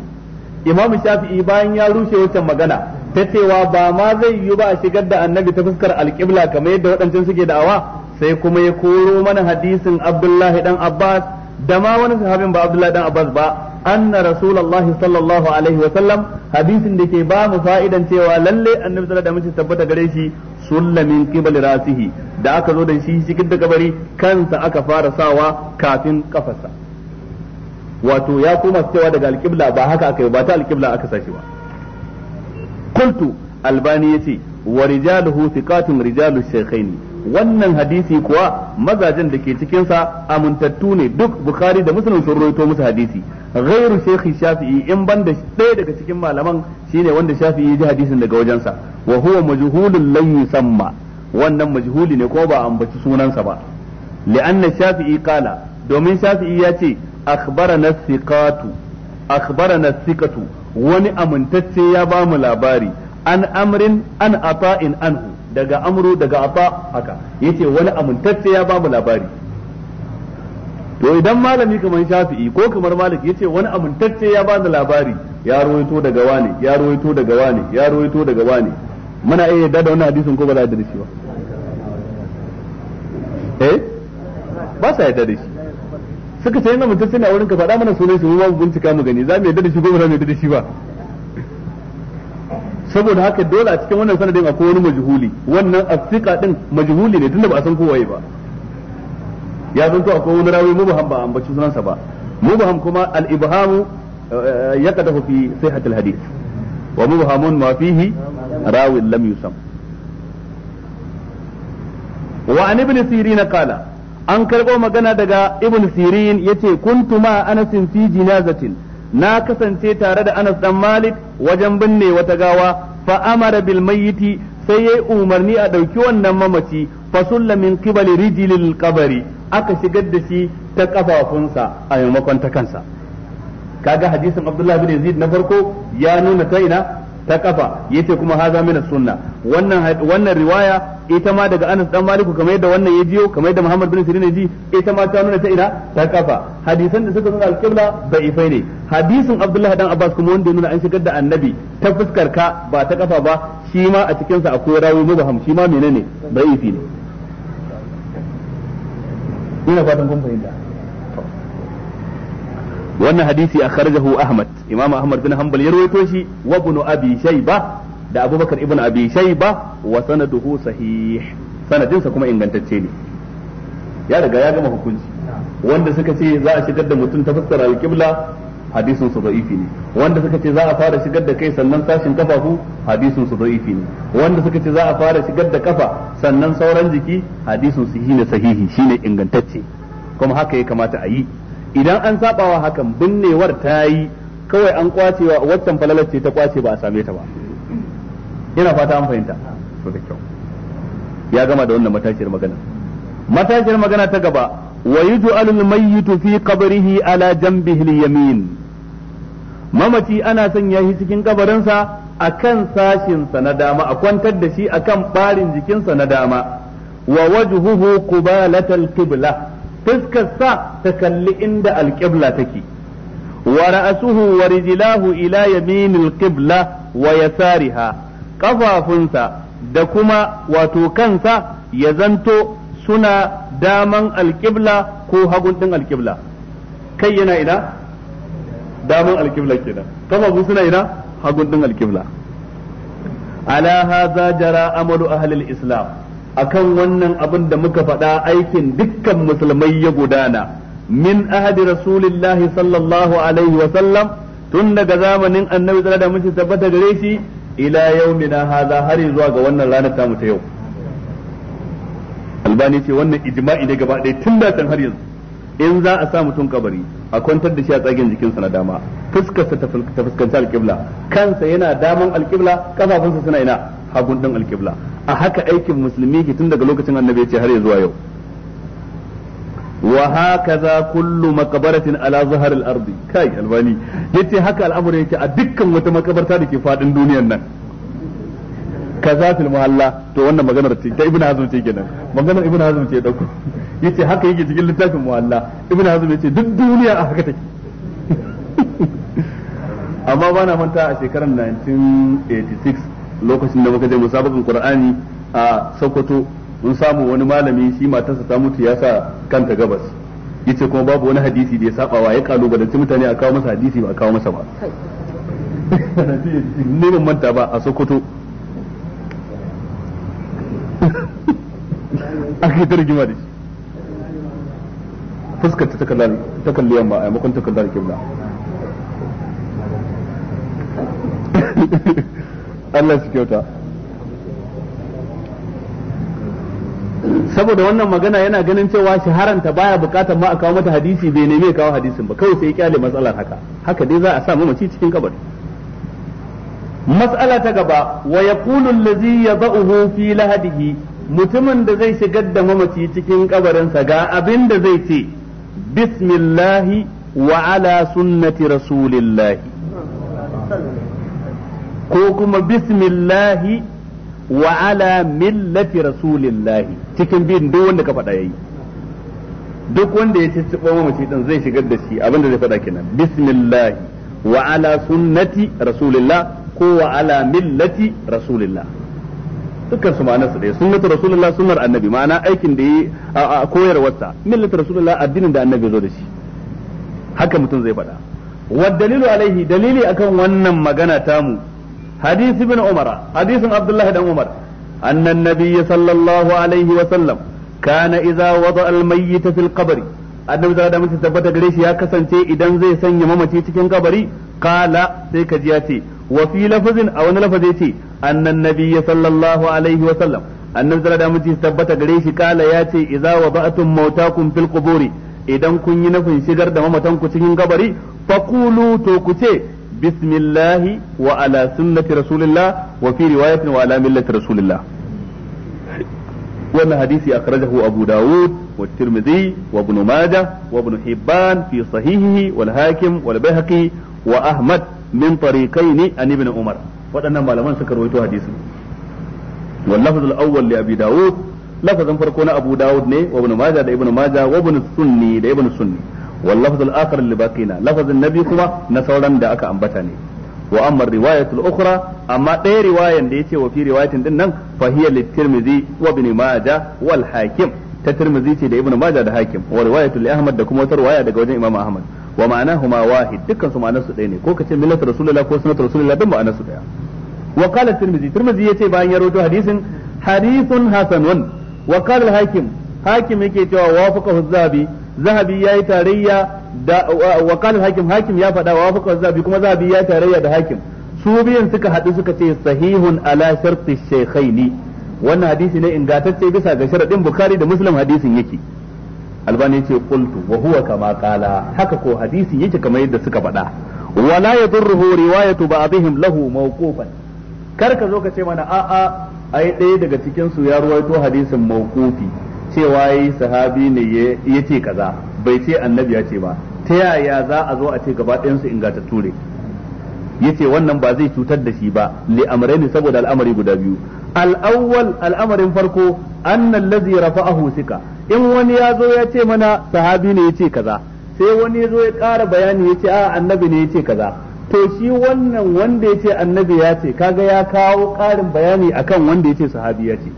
إمام الشافعي باين ya rushe وكان magana, ta cewa ba ma zai yi ba a shigar da annabi ta fuskar alƙibla kamar yadda waɗancan suke da'awa sai kuma ya koro mana hadisin abdullahi dan abbas da ma wani sahabin ba abdullahi dan abbas ba anna rasulullahi sallallahu alaihi wa sallam hadisin da ke ba mu fa'idan cewa lalle annabi sallallahu alaihi wasallam tabbata gare shi sullamin qibal rasihi da aka zo da shi cikin da kabari kansa aka fara sawa kafin kafarsa wato ya koma cewa daga alqibla ba haka aka yi ba ta alqibla aka sashi ba qultu albani yace wa rijaluhu thiqatun rijalu ne wannan hadisi kuwa mazajen da ke cikinsa amintattu ne duk bukhari da muslim sun rawaito musu hadisi ghairu shaykhi shafi'i in banda ɗaya daga cikin malaman shine wanda shafi'i ji hadisin daga wajensa wa huwa majhulun lan yusamma wannan majhuli ne ko ba ambaci sunansa ba li'anna shafi'i kala domin shafi'i ya ce akhbarana thiqatu akhbarana thiqatu wani amintacce ya ba mu labari an amrin an ata'in anhu daga amru daga ata haka yace wani amintacce ya ba mu labari to idan malami kamar shafi'i ko kamar malik yace wani amintacce ya bani labari ya rawaito daga wani ya rawaito daga wani ya rawaito daga wani muna iya yadda da wannan hadisin ko ba za a yadda ba eh ba sa yadda da shi suka ce yana amintacce ne a wurin ka faɗa mana sunan shi mu ba bincika mu gani za mu yadda da shi ko ba za mu yadda da shi ba saboda haka dole a cikin wannan sanadin akwai wani majhuli wannan asiqa din majhuli ne tunda ba a san kowaye ba ya zanto akwai wani rawi mubham ba ambaci sunansa ba mubham kuma al ibhamu eh, yaqdahu fi sihhat al hadith wa mubhamun ma fihi rawi lam yusam wa an ibn sirin qala an karbo magana daga ibn sirin yace kuntu ma anas fi jinazatin na kasance tare da anas dan malik wajen binne wata gawa fa amara bil mayyiti sai yayi umarni a dauki wannan mamaci fa sulla min qibali rijlil qabri aka shigar da shi ta kafafunsa a maimakon ta kansa kaga hadisin Abdullah bin Yazid na farko ya nuna ta ina ta kafa yace kuma haza mina sunna wannan wannan riwaya ita ma daga Anas dan Maliku kamar yadda wannan ya jiyo kamar yadda Muhammad bin Sirin ya ji ita ma ta nuna ta ina ta kafa hadisan da suka nuna ba'i da'ifai ne hadisin Abdullah dan Abbas kuma wanda ya nuna an shigar da annabi ta fuskar ka ba ta kafa ba shi ma a cikin sa akwai rawi ba shi ma menene da'ifi ne ina fatan kun fahimta wannan hadisi a akhrajahu ahmad imam ahmad bin hanbal ya rawaito shi wa ibn abi shayba da abubakar ibn abi shayba wa sanaduhu sahih sanadinsa kuma ingantacce ne ya riga ya gama hukunci wanda suka ce za a shigar da mutum ta al-qibla hadisin su da'ifi ne wanda suka ce za a fara shigar da kai sannan sashin kafafu hadisin su da'ifi ne wanda suka ce za a fara shigar da kafa sannan sauran jiki hadisin su shine sahihi shine ingantacce kuma haka ya kamata a yi idan an sabawa hakan binnewar ta yi kawai an kwace wa waccan falalar ce ta kwace ba a same ta ba ina fata an fahimta to da kyau ya gama da wannan matashiyar magana matashiyar magana ta gaba wa yuj'alul mayyitu fi qabrihi ala janbihi al-yamin mamaci ana sanya shi cikin kabarinsa kan sashinsa na dama a kwantar da shi akan ɓarin jikinsa na dama wa wajhuhu qibalatal qibla fuskarsa ta kalli inda alƙibla take wa ra'suhu wa rijlahu ila yaminil qibla wa yasariha Ƙafafunsa da kuma wato kansa ya zanto suna daman alƙibla ko hagun din alƙibla kai yana ina daman alkibla kenan kafafu suna ina hagun din alkibla ala hadha jara amalu ahli alislam akan wannan abin da muka faɗa aikin dukkan musulmai ya gudana min ahadi rasulillahi sallallahu alaihi wa sallam tun daga zamanin annabi da mushi tabbata gare shi ila yaumina hadha har zuwa ga wannan ranar tamu ta yau albani ce wannan ijma'i ne gaba ɗaya tun da har yanzu in za a sa mutum kabari a kwantar da shi a tsagen jikinsa na dama fuskarsa ta fuskanci alƙibla kansa yana daman alƙibla kafafunsa suna ina hagun din alƙibla a haka aikin musulmi ke tun daga lokacin annabi ce har ya zuwa yau wa hakaza kullu makabaratin ala zahar al-ard kai albani yace haka al'amuri yake a dukkan wata makabarta da ke fadin duniyar nan kaza fil muhalla to wannan maganar ta ibnu hazm ce kenan maganar ibnu hazm ce dauko yace haka yake cikin littafin Allah ibn hazm yace duk duniya a haka take amma ba na manta a shekarar 1986 lokacin da muka je musabakan qur'ani a Sokoto mun samu wani malami shi matarsa ta mutu ya sa kanta gabas yace kuma babu wani hadisi da ya saba wa ya kalubalanci mutane a kawo masa hadisi ba a kawo masa ba ne ban manta ba a Sokoto ake tarjima da shi fuskar ta ta kalli yamma a maimakon ta kalli kibla Allah su kyauta saboda wannan magana yana ganin cewa shaharanta baya bukatar ma a kawo mata hadisi bai neme kawo hadisin ba kawai sai ya kyale matsalar haka haka dai za a sa mamaci cikin kabari Matsala ta gaba wa yaqulu allazi yad'uhu fi lahadihi mutumin da zai shigar da mamaci cikin kabarinsa ga abin da zai ce bismillahi wa ala sunnati rasulillahi ko kuma bismillahi wa ala millati rasulillahi cikin biyun duk wanda ka faɗa yayi duk wanda ya ci tsibo mamaci din zai shigar da shi abinda zai faɗa kenan bismillahi wa ala sunnati rasulillah ko wa ala millati rasulillah dukkan su ma'anarsa ɗaya sunnatu rasulullah sunnar annabi ma'ana aikin da yi a koyarwarsa millatu rasulullah addinin da annabi zo da shi haka mutum zai faɗa wa dalilu alaihi dalili akan wannan magana tamu hadisi ibn umar hadisin abdullah dan umar anna nabiyyi sallallahu alaihi wa sallam kana idza wada al mayyit fil qabri annabi da mutum tabbata gare shi ya kasance idan zai sanya mamaci cikin kabari kala sai kaji ya ce wa fi lafazin a wani lafazi ce annan nabiyyi sallallahu alaihi wa sallam annabi sallallahu alaihi wasallam tabbata gare shi kala yace idza wada'tum mautakum fil quburi idan kun yi nufin shigar da mamatan ku cikin gabari faqulu to ku ce bismillahi wa ala sunnati rasulillah wafi fi riwayatin wa ala millati rasulillah wannan hadisi akhrajahu abu dawud wa tirmidhi wa ibn majah wa ibn hibban fi sahihi wal hakim wal bayhaqi wa ahmad min tariqaini an na umar waɗannan malaman suka rawaito hadisin wallahu al-awwal li abi daud lafazan farko na abu daud ne wa ibn majah da ibn majah wa ibn da ibn sunni wallahu al-akhar li baqina lafazan nabi kuma na sauran da aka ambata ne wa amma riwayat al amma ɗaya riwaya da yace wa fi riwayatin din nan fa hiya li tirmidhi wa hakim ta tirmidhi ce da ibn maja da hakim wa riwayatu li ahmad da kuma wata riwaya daga wajen imam ahmad wa ma'anahuma wahid dukkan su ma'anar su ɗaya ne ko kace millat rasulullah ko sunnat rasulullah dan ma'anar su ɗaya wa qala tirmidhi tirmidhi yace bayan ya rawaito hadisin hadithun hasanun wa qala al-hakim hakim yake cewa wafaqa az-zahabi zahabi yayi tarayya da wa qala al-hakim hakim ya faɗa wafaqa az-zahabi kuma zahabi yayi tarayya da hakim su biyan suka hadu suka ce sahihun ala sharti shaykhaini wannan hadisi ne ingantacce bisa ga sharadin bukhari da muslim hadisin yake albani yace qultu wa huwa kama qala haka ko hadisi yake kamar yadda suka faɗa wala yadurruhu riwayatu ba'dihim lahu mawqufan kar ka zo ka ce mana a'a ai ɗaya daga cikin su ya ruwaito hadisin mawqufi cewa yi sahabi ne ya ce kaza bai ce annabi ya ce ba ta yaya za a zo a ce gaba ɗayansu ingata ture yace wannan ba zai cutar da shi ba li amrayni saboda al'amari guda biyu al-awwal al'amarin farko anna allazi rafa'ahu sika in wani ya zo ya ce mana sahabi ne ya ce kaza sai wani ya zo ya ƙara bayani ya ce a annabi ne ya ce kaza to shi wannan wanda ya ce annabi ya ce kaga ya kawo ƙarin bayani akan wanda ya ce sahabi ya ce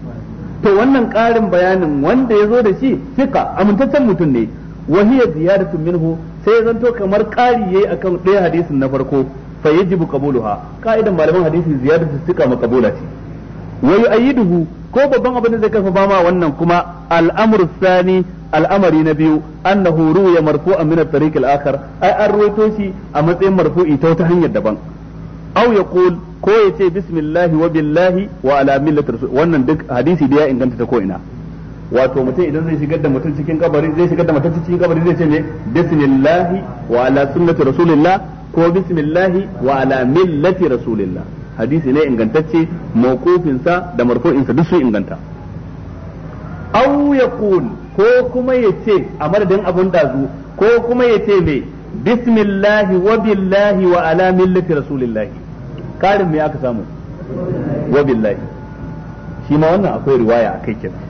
to wannan ƙarin bayanin wanda ya zo da shi fika amintaccen mutum ne wahiyar ziyaratu minhu sai ya zanto kamar ƙari yayi akan ɗaya hadisin na farko fa yajibu qabuluha ka'idan malaman hadisi ziyaratu sika maqbula ce wa yu'ayyiduhu ko babban abin da zai kafa ma wannan kuma al'amur sani al'amari na biyu annahu ya marfu min at-tariq al-akhar ai an ruwaito shi a matsayin marfu'i ta wata hanyar daban aw yaqul ko ya ce bismillahi wa billahi wa ala millati rasul wannan duk hadisi da ya inganta ta ko ina wato mutum idan zai shigar da mutum cikin kabari zai shigar da mutum cikin kabari zai ce me bismillahi wa ala sunnati rasulillah ko bismillahi wa ala millati rasulillah hadisi ne ingantacce mawqufin da marfu'in duk sun inganta aw yaqul ko kuma yace a madadin abun dazu ko kuma yace me bismillahi wa billahi wa ala millati rasulillahi karin me aka samu wa billahi shi ma wannan akwai riwaya akai kenan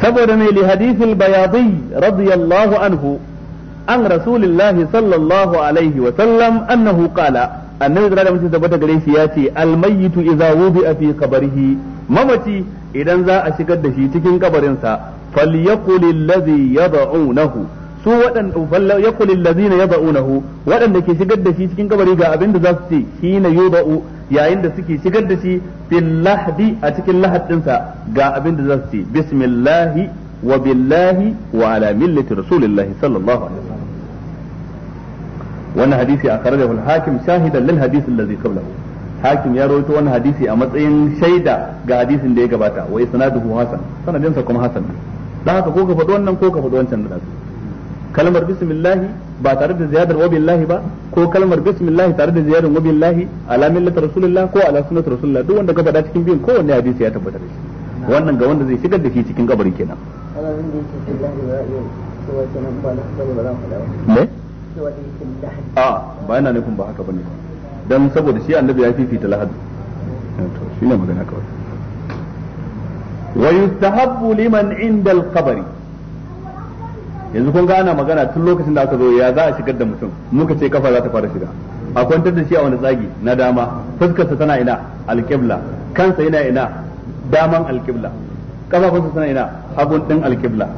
saboda mai li hadithul bayadi radiyallahu anhu an rasulillahi sallallahu alaihi wa sallam annahu qala annabi da mutum tabbata gare shi ya ce almayyitu idza wudi'a fi qabrihi mamaci idan za a shigar da shi cikin kabarinsa falyaqul allazi yad'unahu su waɗanda yaqul allazina yad'unahu waɗanda ke shigar da shi cikin kabari ga abin da za su ce hina yud'u yayin da suke shigar da shi fil lahdi a cikin lahad dinsa ga abin da za su ce bismillahi wa billahi wa ala millati rasulillahi sallallahu alaihi wasallam wannan hadisi a da hul hakim shahidan lil hadith allazi qablahu hakim ya rawaito wannan hadisi a matsayin shaida ga hadisin da ya gabata wa isnaduhu hasan sanadin sa kuma hasan dan haka ko ka faɗi wannan ko ka faɗi wancan da su kalmar bismillah ba tare da ziyadar wabillahi ba ko kalmar bismillah tare da ziyadar wabillahi ala millati rasulillah ko ala sunnati rasulillah duk wanda ka faɗa cikin biyun kowanne hadisi ya tabbatar da shi wannan ga wanda zai shigar da shi cikin kabari kenan ne a ba yana nufin ba haka bane dan saboda shi annabi ya fifita lahadi eh, to shine magana kawai wa yustahabbu liman inda al qabr yanzu kun ga ana magana tun lokacin da aka zo ya za a shigar da mutum muka ce kafa za ta fara shiga a kwantar da shi a wani tsagi na dama fuskarsa tana ina alƙibla kansa yana ina daman alƙibla kafafunsa tana ina hagun din alƙibla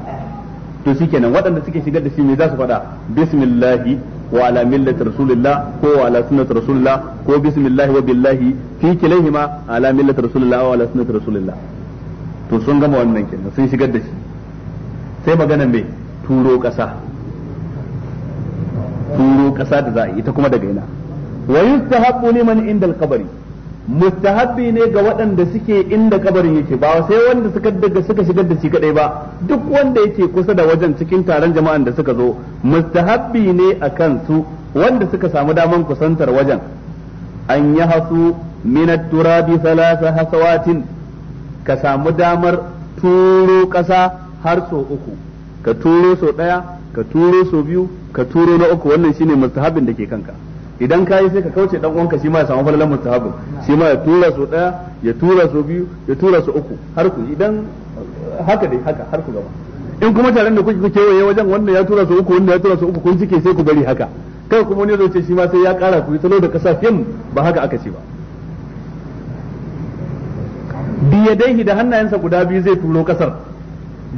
to kenan waɗanda suke shigar da shi me za su faɗa bismillahi wa ala millati rasulillah ko wa ala sunnati rasulillah ko bismillahi wa billahi fi kilayhima ala millati rasulillah wa ala sunnati rasulillah to sun gama wannan kenan sun shigar da shi sai magana mai turo ƙasa turo ƙasa da za a yi ita kuma daga ina wa yustahabbu liman inda al-qabri mustahabbi ne ga waɗanda suke inda kabarin yake ba sai wanda suka daga suka shigar da shi kadai ba duk wanda yake kusa da wajen cikin taron jama'an da suka zo mustahabbi ne a su wanda suka samu daman kusantar wajen an yi hasu minat turabi salasa hasawatin ka samu damar turo kasa har so uku ka turo so ɗaya ka turo so biyu ka turo na uku wannan shine mustahabbin da ke kanka idan ka yi sai ka kauce dan uwanka shi ma ya samu falalan mustahabin shi ma ya tura su daya ya tura su biyu ya tura su uku har ku idan eh, haka dai haka har ku gaba in kuma taron da kuke kewaye wajen wanda ya tura su uku wanda ya tura su uku kun cike sai ku bari haka kai kuma wani zai ce shi ma sai ya kara ku salo da kasa fim ba haka aka ce ba biyadaihi da hannayensa guda biyu zai turo kasar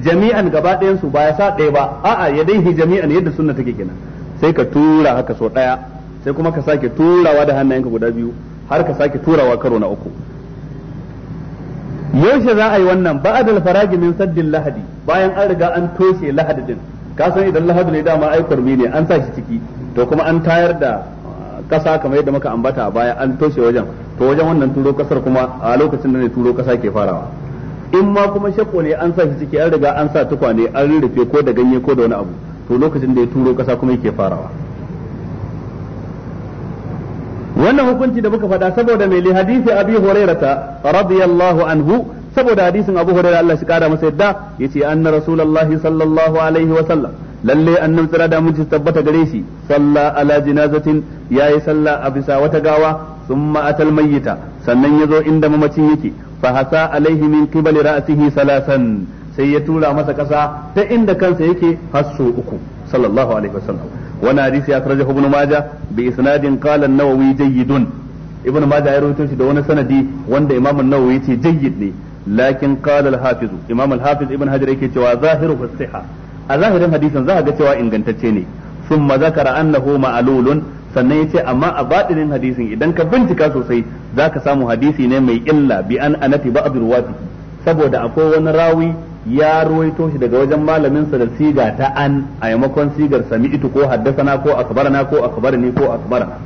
jami'an gaba ɗayan su ba ya sa ɗaya ba a'a yadaihi jami'an yadda sunna take kenan sai ka tura haka so ɗaya sai kuma ka sake turawa da hannayenka guda biyu har ka sake turawa karo na uku yaushe za a yi wannan ba'adal faragi min saddin lahadi bayan an riga an toshe lahadi din ka san idan lahadi ne dama ai kurmi ne an sa shi ciki to kuma an tayar da kasa uh, kamar yadda muka ambata a baya an toshe wajen to wajen wannan turo kasar kuma a lokacin da ne turo kasa ke farawa in ma kuma shakko ne an sa shi ciki an riga an sa tukwane an rufe ko da ganye ko da wani abu to lokacin da ya turo kasa kuma yake farawa wannan hukunci da muka faɗa saboda mai li hadisi abi hurairata radiyallahu anhu saboda hadisin abu hurairah Allah shi kara masa yadda yace anna rasulullahi sallallahu alaihi wa sallam lalle annabi tsira da mun tabbata gare shi salla ala jinazatin yayi salla a bisa wata gawa summa atal mayyita sannan yazo inda mamacin yake fa hasa alaihi min qibali ra'sihi salasan sai ya tura masa kasa ta inda kansa yake hasso uku sallallahu alaihi wa sallam wannan hadisi akhrajahu ibn majah bi isnadin qala an-nawawi jayyidun ibn ya rawaito shi da wani sanadi wanda imam an-nawawi yace jayyid ne lakin qala al-hafiz imam al-hafiz ibn hajar yake cewa zahiru as a zahirin hadisin za ga cewa ingantacce ne thumma zakara annahu ma'lulun sannan ya ce amma a batinin hadisin idan ka bincika sosai za ka samu hadisi ne mai illa bi an anati ba'd ruwati saboda akwai wani rawi ya ruwaito shi daga wajen malamin sa da siga ta an a yamakon sigar itu ko haddasana ko akbarana ko akbarani ko akbarana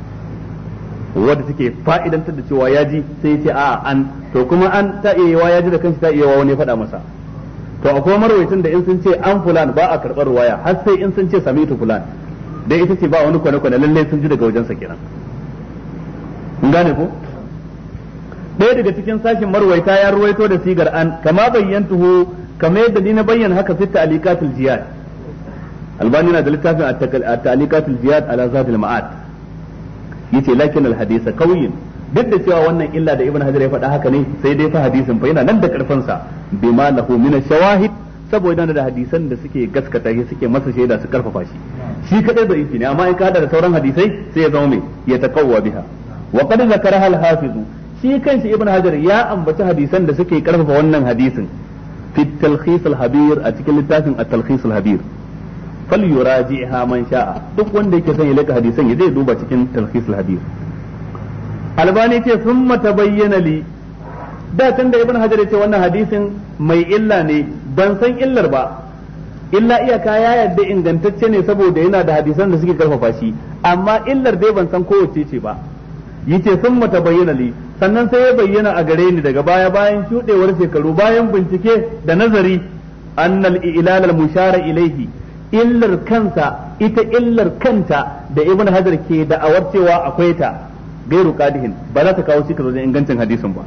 wanda take fa'idantar da cewa ya ji sai ya ce a an to kuma an ta iya ya ji da kanshi ta iya wani faɗa masa to akwai marwaitin da in sun ce an fulan ba a karɓar waya har sai in sun ce itu fulan dai ita ce ba wani kwane-kwane lallai sun ji daga wajen sa kiran kun gane ko ɗaya daga cikin sashin marwaita ya ruwaito da sigar an kama bayyantuhu kamar yadda ni na bayyana haka fi ta'liqatul jihad albani na da littafin at-ta'liqatul jihad ala zatil ma'ad yace lakin al-hadisa qawiyin duk da cewa wannan illa da ibn hajar ya faɗa haka ne sai dai fa hadisin fa yana nan da karfin sa bima lahu min shawahid saboda da hadisan da suke gaskata shi suke masa shaida su karfafa shi shi kadai da yake ne amma in ka hada da sauran hadisai sai ya zama mai ya taqawwa biha wa qad zakaraha al-hafiz shi kanshi ibn hajar ya ambaci hadisan da suke karfafa wannan hadisin fi talkhis al-habir a cikin littafin at-talkhis al-habir falyuraji'ha man sha'a duk wanda yake son ya leka hadisan ya zai duba cikin talkhis al-habir albani ce sun tabayyana li da tun da ibn hajar ce wannan hadisin mai illa ne ban san illar ba illa iyaka ya yadda ingantacce ne saboda yana da hadisan da suke karfafa shi amma illar dai ban san kowace ce ba yace sun mata bayyana li sannan sai ya bayyana a gare ni daga baya bayan shudewar shekaru bayan bincike da nazari annal ilal al mushara ilaihi illar kansa ita illar kanta da ibn hajar ke da awarcewa akwai ta gairu qadihin ba za ta kawo shi wajen ingancin hadisin ba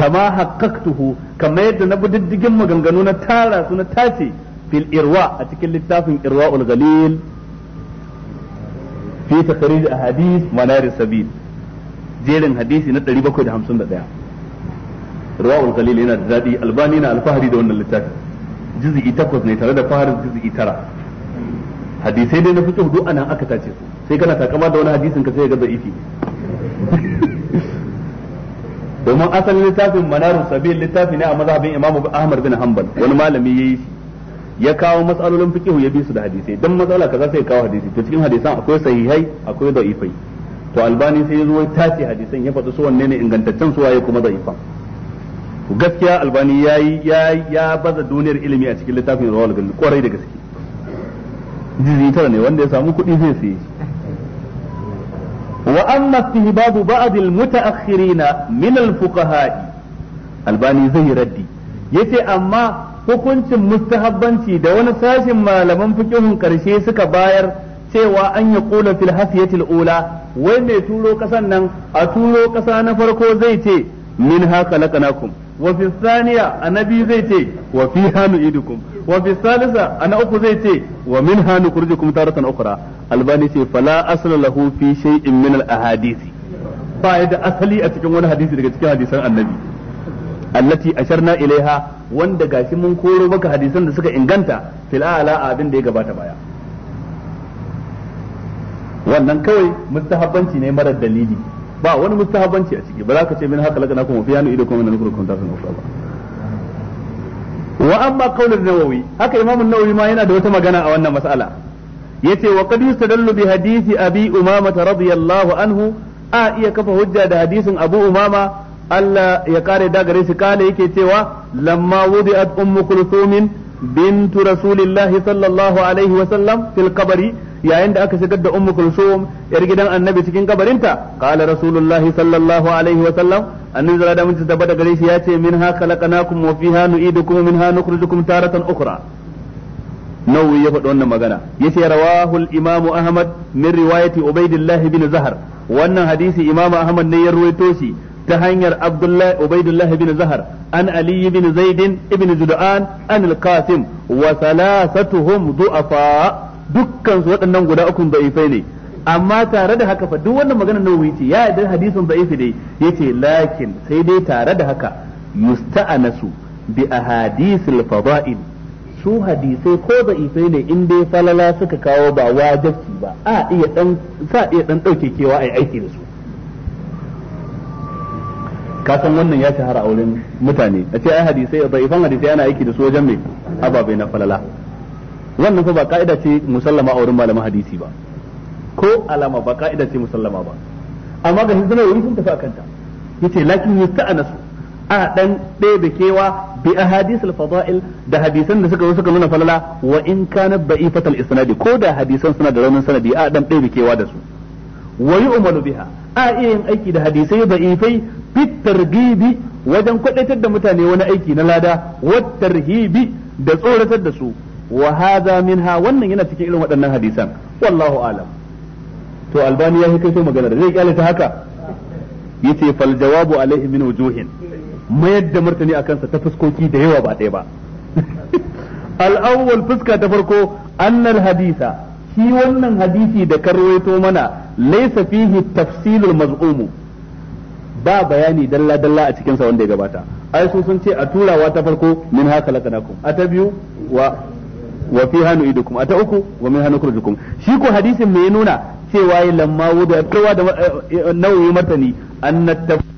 kama haqqaqtuhu kama yadda na buddigin maganganu na tara su na tace fil irwa a cikin littafin ul galil fi takrir ahadith manar sabil jerin hadisi na 751 ruwa'ul qalil yana da dadi albani na alfahari da wannan littafi juz'i 8 ne tare da faharin juz'i 9 hadisai dai na fito hudu anan aka tace su sai kana takama da wani hadisin ka sai ga da'ifi (laughs) domin asalin littafin manarun sabil littafi ne a mazhabin imamu ahmad bin hanbal wani malami ya yi ya kawo matsalolin fiqh ya bi su da hadisai dan matsala kaza sai ya kawo hadisi to cikin hadisan akwai sahihai akwai da'ifai to albani sai ya zo ya tace hadisan ya faɗi su wanne ne ingantaccen su waye kuma da'ifan to gaskiya albani yayi ya ya baza duniyar ilimi a cikin littafin rawal gal kwarai da gaske jizi ne wanda ya samu kuɗi zai sayi wa amma istihbabu ba'd al mutaakhirin min al fuqaha albani zai raddi yace amma hukuncin mustahabbanci da wani sashin malaman fiqhun karshe suka bayar cewa an ya kula fil hafiyatil ula wai mai turo kasan nan a turo kasa na farko zai ce min haka laqanakum wa fi thaniya annabi zai ce wa fi hanu idukum wa fi salisa ana uku zai ce wa min hanu kurjukum taratan albani ce fala asla lahu fi shay'in min al ahadisi da asali a cikin wani hadisi daga cikin hadisan annabi allati asharna ilaiha wanda gashi mun koro maka hadisan da suka inganta fil ala abin da ya gabata baya wannan kawai mustahabbanci ne marar dalili ba wani mustahabbanci a ciki ba za ka ce min haka lagana kuma fiya ido kuma na kurkun ta sanar ba wa amma qaulun nawawi haka imam an-nawawi ma yana da wata magana a wannan mas'ala yace wa qad yustadallu bi hadisi abi umama radiyallahu anhu a iya kafa hujja da hadisin abu umama Allah ya kare da gare shi kale yake cewa lamma wudi'at ummu kulthum bintu rasulillahi sallallahu alaihi wa sallam fil qabri yayin da aka shigar da ummu kulsum yar gidan annabi cikin kabarinta qala rasulullahi sallallahu alaihi wa sallam annabi zara da mun tabbata gare shi yace minha khalaqnakum wa fiha nu'idukum minha nukhrijukum taratan ukhra nawawi ya faɗi wannan magana yace rawahu al-imamu ahmad min riwayati ubaidillah bin zahar wannan hadisi imamu ahmad ne ya ruwaito shi ta hanyar abdullahi ubaidillah bin zahar an ali bin zaid ibn judan an al-qasim wa thalathatuhum du'afa dukkan su waɗannan guda uku da'ifai ne amma tare da haka fa duk wannan magana nawawi ce ya yarda hadisin da'ifi dai yace lakin sai dai tare da haka yusta'anasu bi ahadisil fada'il su hadisai ko da'ifai ne in dai falala suka kawo ba wajibi ba a iya dan sa iya dan dauke kewa ai aiki da su ka san wannan ya shahara a wurin mutane a ce ai hadisai da'ifan hadisai ana aiki da su wajen me ababai na falala wannan fa ba ka'ida ce musallama a wurin malaman hadisi ba ko alama ba ka'ida ce musallama ba amma ga hizna wuri sun tafi akan yace lakin yusta'anasu a dan ɗaya da kewa bi ahadithul fada'il da hadisan da suka zo suka nuna falala wa in kana ba'ifatul isnadi ko da hadisan suna da raunin sanadi a dan ɗaya da kewa da su wa yu'malu biha a iya yin aiki da hadisai ba'ifai fit targibi wajen kwadaitar da mutane wani aiki na lada wat tarhibi da tsoratar da su Wahaza, minha wannan yana cikin irin waɗannan hadisan wallahu alam to albani ya kai magana da zai kyale ta haka yace fal jawabu alaihi min wujuhin mayar da martani akan sa ta fuskoki da yawa ba ɗaya ba (laughs) al-awwal fuska ta farko annal hadisa shi wannan hadisi da karwaito mana laysa fihi tafsilul maz'umu ba bayani dalla dalla a cikin sa wanda ya gabata ai su sun ce a turawa ta farko min haka lakanakum a ta biyu wa wa fi hanu idukum ta uku wa min hanu kurjukum shi ko hadisin me ya nuna cewa lamma wudu kowa da eh, eh, nauyi martani an annat